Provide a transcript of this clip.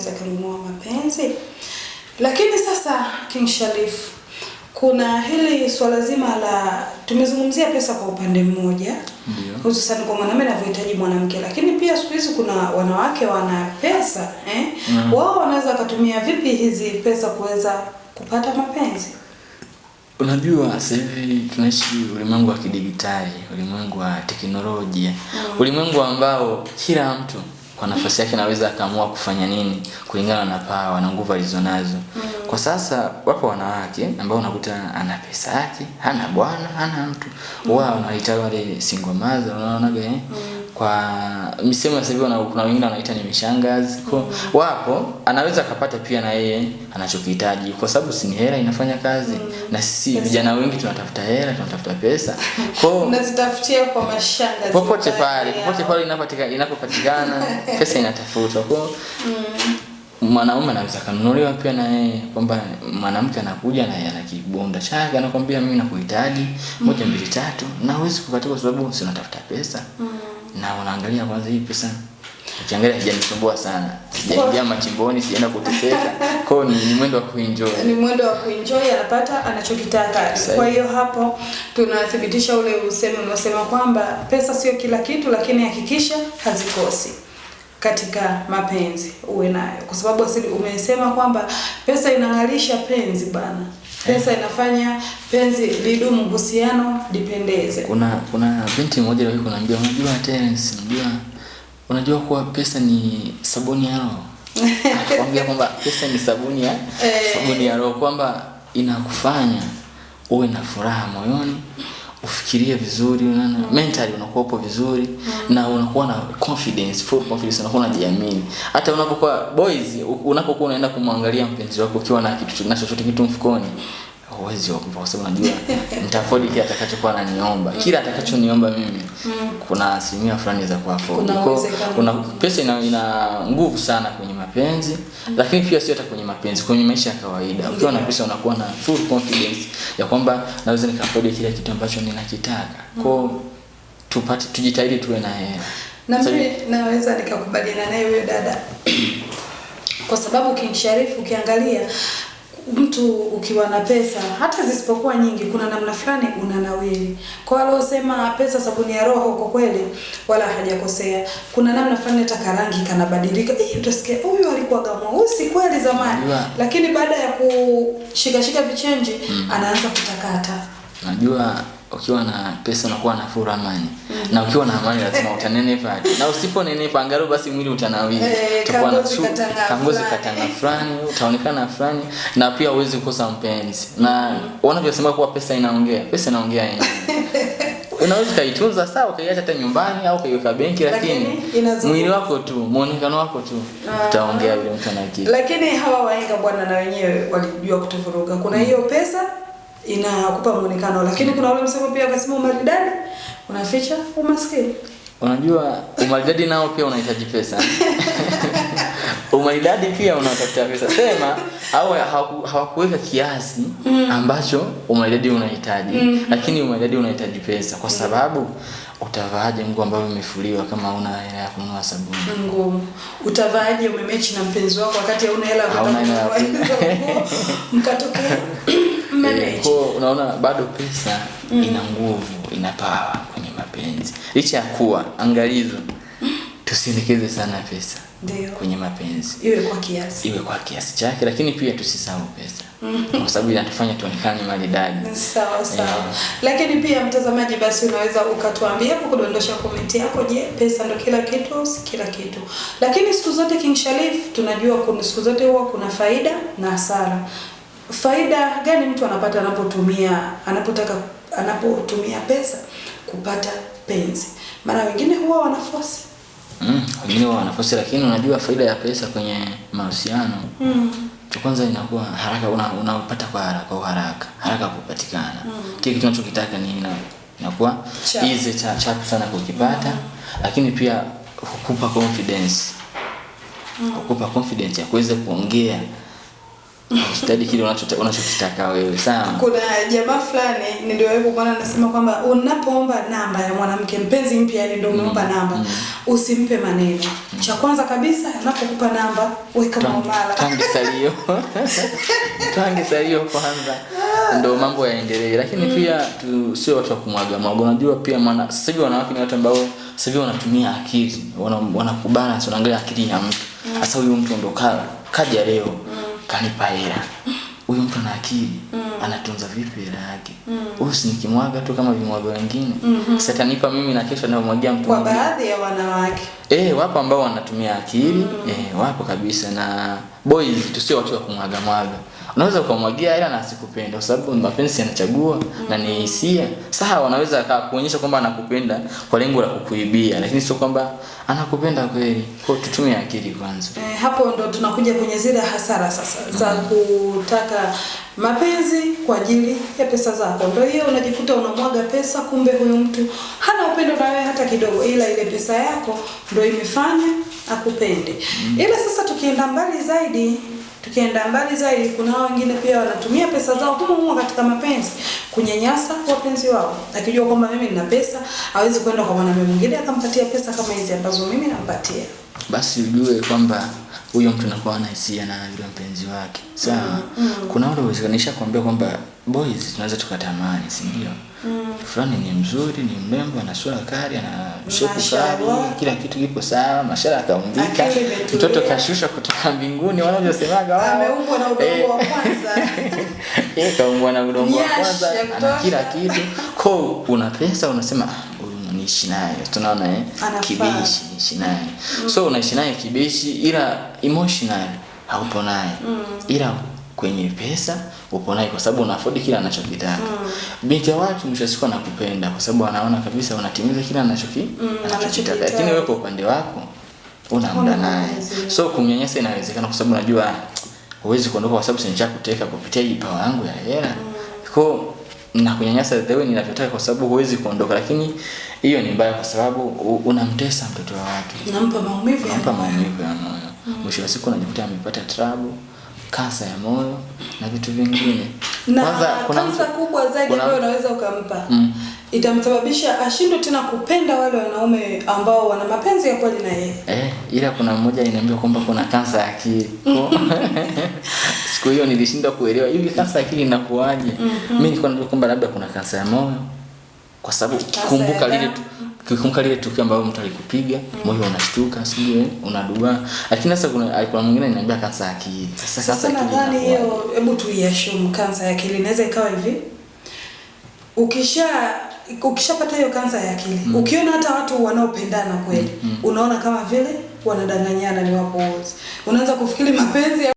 kinaweza kilinua mapenzi. Lakini sasa King Sharif, kuna hili swala zima la tumezungumzia pesa kwa upande mmoja hususan kwa mwanamume anavyohitaji mwanamke, lakini pia siku hizi kuna wanawake wana pesa eh? Mm. Wao wanaweza wakatumia vipi hizi pesa kuweza kupata mapenzi? Unajua, sasa hivi tunaishi ulimwengu wa kidigitali, ulimwengu wa teknolojia, mm, ulimwengu ambao kila mtu kwa nafasi yake naweza akaamua kufanya nini kulingana na pawa na nguvu alizonazo. Mm. Kwa sasa wapo wanawake ambao unakuta ana pesa yake, hana bwana, hana mtu. Wao wanaita wale single mothers, unaona gani? Eh? Mm kwa misemo ya sasa hivi kuna wengine wanaita ni mishangazi kwa mm -hmm. wapo, anaweza akapata pia na yeye anachokihitaji, kwa sababu si hela inafanya kazi mm. -hmm. na sisi vijana wengi tunatafuta hela, tunatafuta pesa kwa tunazitafutia kwa mashangazi, popote pale, popote pale inapopatikana, inapopatikana pesa inatafutwa kwa mm. mwanaume anaweza kanunuliwa pia na yeye, kwamba mwanamke anakuja na yeye ana kibunda chake, anakwambia mimi nakuhitaji moja mm. mbili tatu, na huwezi kukataa kwa sababu si unatafuta pesa mm na unaangalia kwanza hii pesa ukiangalia haijanisumbua sana, sijaingia machimboni, sijaenda kuteseka. Kwa hiyo ni, ni mwendo wa kuenjoy, ni mwendo wa kuenjoy, anapata anachokitaka. Kwa hiyo hapo tunathibitisha ule usemi unaosema kwamba pesa sio kila kitu, lakini hakikisha hazikosi katika mapenzi, uwe nayo kwa sababu asili umesema kwamba pesa inang'alisha penzi bana. Pesa inafanya penzi lidumu, uhusiano dipendeze. Kuna kuna binti mmoja leo kunaniambia, unajua Terence, unajua unajua kuwa pesa ni sabuni ya roho. Anakuambia kwamba pesa ni sabuni ya eh. sabuni ya roho, kwamba inakufanya uwe na furaha moyoni ufikirie vizuri mm. mentally unakuwa upo vizuri mm. na unakuwa na confidence full confidence, unakuwa unajiamini. Hata unapokuwa boys, unapokuwa unaenda kumwangalia mpenzi wako ukiwa na kitu na chochote kitu mfukoni, uwezi hawezi kwa sababu najua nitafodi kile atakachokuwa ananiomba, kile atakachoniomba mimi kuna asilimia fulani za kuafodi. Kuna pesa ina, ina nguvu sana kwenye mapenzi lakini pia sio hata kwenye mapenzi, kwenye maisha ya kawaida ukiwa na pesa unakuwa na full confidence ya kwamba naweza nikaafodi kile kitu ambacho ninakitaka mm. kwao, tupate tujitahidi tuwe na hela. Na mimi naweza nikakubaliana naye huyo dada kwa sababu King Sharifu ukiangalia mtu ukiwa na pesa hata zisipokuwa nyingi, kuna namna fulani unanawili. Kwa waliosema pesa sabuni ya roho, kwa kweli wala hajakosea. Kuna namna fulani hata karangi kanabadilika, hii utasikia huyu alikuwa usi kweli zamani, lakini baada ya kushikashika vichenji mm. anaanza kutakata. Najua ukiwa na pesa unakuwa na furaha amani mm. na ukiwa na amani lazima utanenepa na usiponenepa angalau basi mwili utanawili utanawiri hey, eh, kangozi katanga fulani utaonekana fulani na pia uwezi kukosa mpenzi na mm -hmm. wanavyosema kuwa pesa inaongea pesa inaongea yenyewe unaweza ukaitunza sawa ukaiacha hata nyumbani au ukaiweka benki lakini, lakini mwili wako tu muonekano wako tu ah. utaongea vile mtu anakili lakini hawa wahenga bwana na wenyewe walijua kutuvuruga kuna mm. hiyo mm pesa inakupa muonekano, lakini kuna wale msemo pia akasema umaridadi unaficha umaskini. Unajua umaridadi nao pia unahitaji pesa umaridadi pia unatafuta pesa. Sema au hawakuweka kiasi mm. ambacho umaridadi unahitaji mm. -hmm. Lakini umaridadi unahitaji pesa, kwa sababu utavaaje nguo ambayo imefuliwa kama una hela ya kununua sabuni? Ngumu. Utavaaje umemechi na mpenzi wako wakati hauna hela ya kununua nguo mkatokea Eh, kwa unaona bado pesa mm. ina nguvu ina power kwenye mapenzi, licha ya kuwa angalizo, tusiendekeze sana pesa Deo. kwenye mapenzi, iwe kwa kiasi, iwe kwa kiasi chake, lakini pia tusisahau pesa mm. kwa sababu inatufanya tuonekane maridadi. Sawa eh. sawa, yeah. Lakini pia mtazamaji, basi unaweza ukatuambia kwa kudondosha komenti yako. Je, pesa ndo kila kitu? Si kila kitu, lakini siku zote King Sharif tunajua, kuna siku zote huwa kuna faida na hasara. Faida gani mtu anapata anapotumia anapotaka anapotumia pesa kupata penzi? Maana wengine huwa wanafosi mm, wengine huwa wanafosi, lakini unajua faida ya pesa kwenye mahusiano mm. Cha Kwanza inakuwa haraka unapata kwa haraka kwa haraka haraka kupatikana mm. Kile kitu unachokitaka ni ina, inakuwa easy cha chapu sana kukipata mm. Lakini pia kukupa confidence mm. Kukupa confidence ya kuweza kuongea mm. Usitadi kile unachotaka wewe sana. Kuna jamaa fulani niliwahi kuona anasema kwamba unapoomba namba ya mwanamke mpenzi mpya, yani ndio umeomba mm, namba mm. Usimpe maneno mm. Cha kwanza kabisa anapokupa namba weka maumala, tangi salio tangi salio kwanza ndio mambo yaendelee, lakini pia tu sio watu wa kumwaga mwaga. Unajua pia maana sasa hivi wanawake ni watu ambao sasa hivi wanatumia akili, wanakubana wana wanaangalia akili ya mtu sasa Huyu mtu ndo kaja leo kanipa hela. Huyu mtu ana akili, mm. anatunza vipi hela yake? Mm. Huyu si tu kama vimwaga wengine. Mm-hmm. Sasa atanipa mimi na kesho anamwagia mtu. Kwa baadhi ya wanawake. Eh, wapo ambao wanatumia akili, mm. eh, wapo kabisa na boys tusio watu wa kumwaga mwaga. Unaweza kumwagia ila na asikupenda kwa sababu mapenzi yanachagua mm. na ni mm. hisia. Sawa, anaweza kuonyesha kwamba anakupenda kwa lengo la kukuibia, lakini sio kwamba anakupenda kweli. Kwa hiyo tutumie akili kwanza. E, hapo ndo tunakuja kwenye zile hasara sasa za mm. kutaka mapenzi kwa ajili ya pesa zako. Ndio hiyo unajikuta unamwaga pesa, kumbe huyo mtu hana upendo na wewe hata kidogo, ila ile pesa yako ndio imefanya akupende. Mm. Ila sasa tukienda mbali zaidi zaidi, tukienda mbali zaidi, kuna hao wengine pia wanatumia pesa zao humo humo katika mapenzi kunyanyasa wapenzi wao, akijua kwamba mimi nina pesa, hawezi kwenda kwa mwanamume mwingine akampatia pesa kama hizi ambazo mimi nampatia basi ujue kwamba huyo mtu anakuwa na hisia na yule mpenzi wake sawa. Mm, mm. kuna ule uwezekano kuambia kwamba boys tunaweza tukatamani, si ndio? mm. fulani ni mzuri, ni mrembo, ana sura kali, ana shepu kali, kila kitu kipo sawa, mashara kaumbika, mtoto kashusha kutoka mbinguni, wanavyosemaga wao, ameumbwa na udongo wa eh. kwanza eh, kaumbwa na udongo wa kwanza, ana kila kitu. Kwa una pesa unasema ah, niishi nayo, tunaona eh, kibishi niishi naye mm. So unaishi naye kibishi, ila emotional haupo naye mm. ila kwenye pesa upo naye kwa sababu unaafodi afford kila anachokitaka mm. Binti ya watu mwisho siku anakupenda kwa sababu anaona kabisa unatimiza kila anachoki mm, anachokitaka, lakini wewe kwa upande wako una muda naye, so kumnyanyasa inawezekana kwa sababu unajua huwezi kuondoka kwa sababu sinacha kuteka kupitia hii pawa yangu ya hela mm. kwa na kunyanyasa the way ninavyotaka kwa sababu huwezi kuondoka lakini hiyo ni mbaya, kwa sababu unamtesa mtoto wa watu, unampa maumivu, unampa maumivu ya moyo. Mm. Mwisho wa siku unajikuta amepata trabu, kansa ya moyo na vitu vingine. Na kwanza kuna kansa kubwa zaidi ambayo unaweza ukampa mm, itamsababisha ashindwe tena kupenda wale wanaume ambao wana mapenzi ya kweli na yeye eh. Ila kuna mmoja inaniambia kwamba kuna kansa ya akili siku hiyo nilishindwa kuelewa hivi kansa ya akili inakuaje? mm -hmm. Mimi nilikuwa najua kwamba labda kuna kansa ya moyo kwa sababu ukikumbuka lile ukikumbuka lile tukio ambalo mtu alikupiga mm. moyo unashtuka, sijui unadua, Lakini sasa kuna alikuwa ah, mwingine ananiambia kansa ya akili. Sasa sasa nadhani hiyo, hebu tuiashumu kansa ya akili inaweza ikawa hivi, ukisha ukishapata hiyo kansa ya akili mm. ukiona hata watu wanaopendana kweli mm. mm. unaona kama vile wanadanganyana ni wapo wote, unaanza kufikiri mapenzi ya